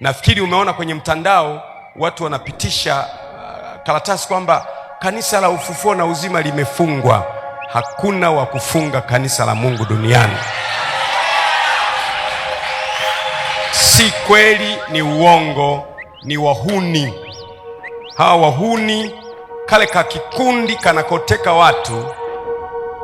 Nafikiri umeona kwenye mtandao watu wanapitisha uh, karatasi kwamba kanisa la ufufuo na uzima limefungwa. Hakuna wa kufunga kanisa la Mungu duniani. Si kweli, ni uongo, ni wahuni. Hawa wahuni, kale ka kikundi kanakoteka watu.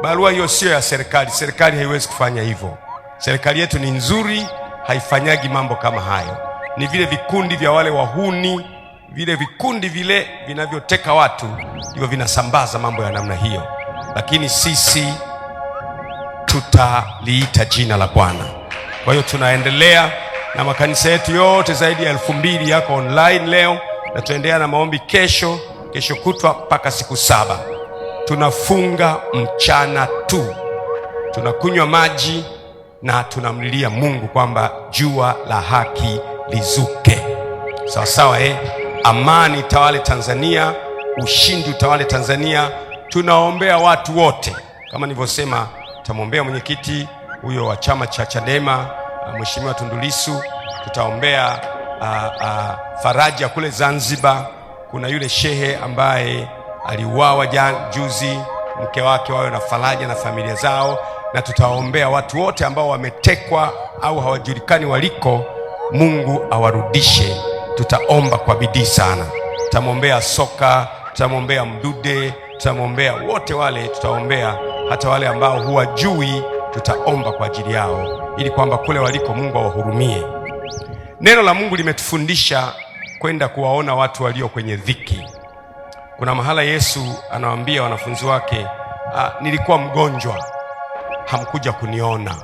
Barua hiyo siyo ya serikali. Serikali haiwezi kufanya hivyo. Serikali yetu ni nzuri, haifanyagi mambo kama hayo ni vile vikundi vya wale wahuni, vile vikundi vile vinavyoteka watu, ndivyo vinasambaza mambo ya namna hiyo. Lakini sisi tutaliita jina la Bwana. Kwa hiyo tunaendelea na makanisa yetu yote zaidi ya elfu mbili yako online leo, na tunaendelea na maombi kesho, kesho kutwa mpaka siku saba. Tunafunga mchana tu, tunakunywa maji na tunamlilia Mungu kwamba jua la haki lizuke sawa sawa, eh? Amani tawale Tanzania, ushindi utawale Tanzania. Tunaombea watu wote kama nilivyosema, tutamwombea mwenyekiti huyo wa chama cha Chadema uh, Mheshimiwa Tundu Lissu, tutaombea a, uh, a, uh, faraja kule Zanzibar. Kuna yule shehe ambaye aliuawa juzi, mke wake wawe na faraja na familia zao, na tutaombea watu wote ambao wametekwa au hawajulikani waliko. Mungu awarudishe. Tutaomba kwa bidii sana, tutamwombea Soka, tutamwombea Mdude, tutamwombea wote wale, tutaombea hata wale ambao huwajui, tutaomba kwa ajili yao, ili kwamba kule waliko Mungu awahurumie. Neno la Mungu limetufundisha kwenda kuwaona watu walio kwenye dhiki. Kuna mahala Yesu anawaambia wanafunzi wake, ah, nilikuwa mgonjwa hamkuja kuniona,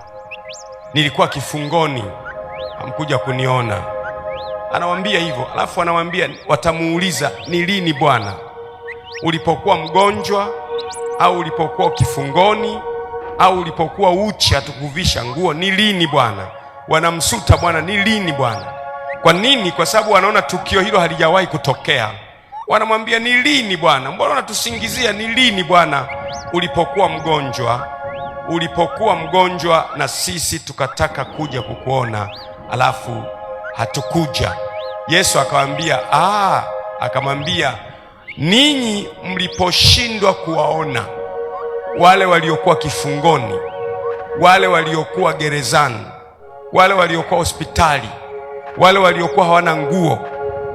nilikuwa kifungoni amkuja kuniona. anawambia hivyo, alafu anawambia watamuuliza, ni lini Bwana, ulipokuwa mgonjwa au ulipokuwa kifungoni au ulipokuwa uchi hatukuvisha nguo? Ni lini Bwana? Wanamsuta Bwana, ni lini Bwana? Kwa nini? Kwa sababu wanaona tukio hilo halijawahi kutokea. Wanamwambia, ni lini Bwana, mbona unatusingizia? Ni lini Bwana ulipokuwa mgonjwa ulipokuwa mgonjwa na sisi tukataka kuja kukuona alafu hatukuja. Yesu akamwambia ah, akamwambia ninyi mliposhindwa kuwaona wale waliokuwa kifungoni, wale waliokuwa gerezani, wale waliokuwa hospitali, wale waliokuwa hawana nguo,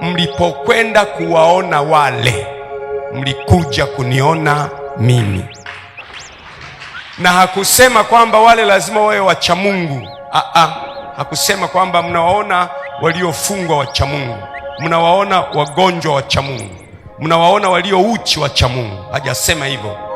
mlipokwenda kuwaona wale, mlikuja kuniona mimi. Na hakusema kwamba wale lazima wawe wacha Mungu. -a. Ah, ah hakusema kwamba mnawaona waliofungwa wacha Mungu, mnawaona wagonjwa wacha Mungu, mnawaona walio uchi wacha Mungu. Hajasema hivyo.